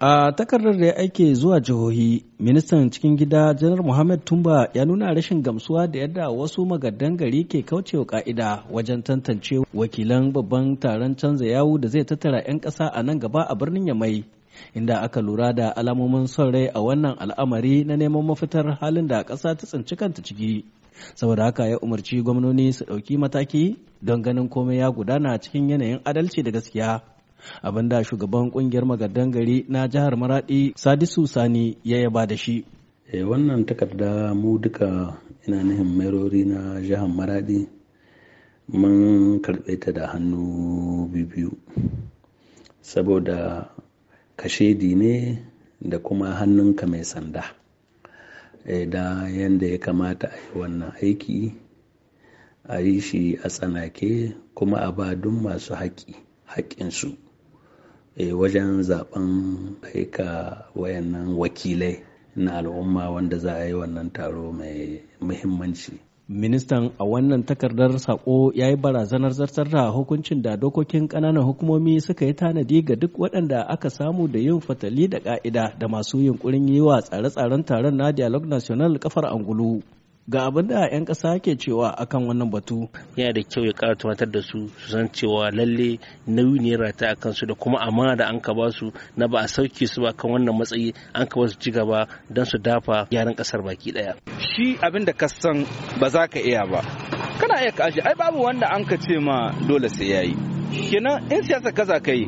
A takardar da ya aike zuwa jihohi, ministan cikin gida janar Muhammad Tumba ya nuna rashin gamsuwa da yadda wasu magadan gari ke kaucewa ka'ida wajen tantance wakilan babban taron canza yawu da zai tattara 'yan ƙasa a nan gaba a birnin Yamai. Inda aka lura da alamomin son rai a wannan al'amari na neman mafitar halin da ƙasa ta tsinci kanta ciki. Saboda haka ya umarci gwamnoni su ɗauki mataki don ganin komai ya gudana cikin yanayin adalci da gaskiya. abin da shugaban kungiyar magadan gari na jihar maradi sadisu sani ya yaba da shi e wannan takarda mu duka ina nihin merori na jihar maradi mun karɓe ta da hannu biyu saboda kashedi ne da kuma hannunka mai sanda eh, da yadda ya kamata a yi wannan aiki a yi shi a tsanake kuma a ba duk masu haƙƙi haƙƙinsu Eh, wajen zaben aika wayannan wakilai na al'umma wanda za a yi wannan taro mai muhimmanci. Ministan a wannan takardar sako ya yi barazanar zartar da hukuncin da dokokin ƙananan hukumomi suka yi tanadi ga duk waɗanda aka samu da yin fatali da ƙa'ida da masu yunkurin yi wa tsare-tsaren taron na Dialogue National kafar angulu. ga abin da 'yan ƙasa ke cewa akan wannan batu yana da kyau ya ƙara tumatar da su su san cewa lalle nauyi ne rata akan su da kuma amana da an ka ba su na ba a sauke su ba kan wannan matsayi an ka ba su ci gaba don su dafa gyaran ƙasar baki ɗaya shi abin da ka san ba za ka iya ba kana iya kashi ai babu wanda an ka ce ma dole sai yayi kenan in siyasa kaza kai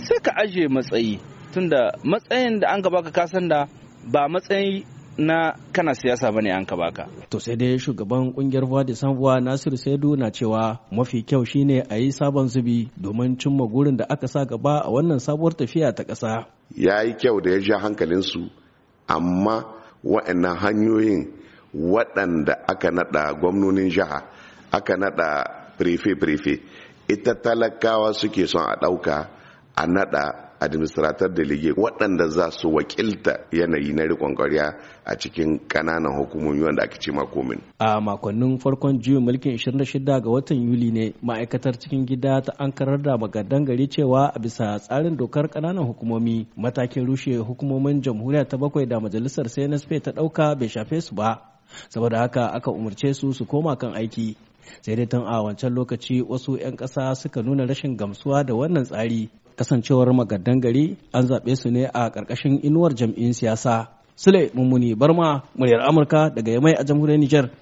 sai ka aje matsayi tunda matsayin da an ka baka kasan da ba matsayi na kana siyasa bane an ka baka. To sai dai shugaban kungiyar Voix de Sanvoix Nasiru Saidu na cewa mafi kyau shine a yi sabon zubi domin cimma gurin da aka sa gaba a wannan sabuwar tafiya ta ƙasa. Ya yi kyau da ya ja su amma waɗannan hanyoyin waɗanda aka naɗa gwamnonin jiha aka naɗa prefe-prefe ita talakawa suke son a ɗauka a naɗa administrator delegate waɗanda za su wakilta yanayi na rikon ƙwarya a cikin ƙananan hukumomi wanda ake ce makomin. A makonnin farkon juyin mulkin 26 ga watan Yuli ne ma'aikatar cikin gida ta an karar da magadan gari cewa a bisa tsarin dokar ƙananan hukumomi matakin rushe hukumomin jamhuriya ta bakwai da majalisar CNSP ta ɗauka bai shafe su ba. saboda haka aka umarce su su koma kan aiki sai dai tun a wancan lokaci wasu 'yan ƙasa suka nuna rashin gamsuwa da wannan tsari kasancewar magaddan gari an zaɓe su ne a ƙarƙashin inuwar jam'in siyasa sule mummuni barma muryar amurka daga yamai a jamhuriyar nijar.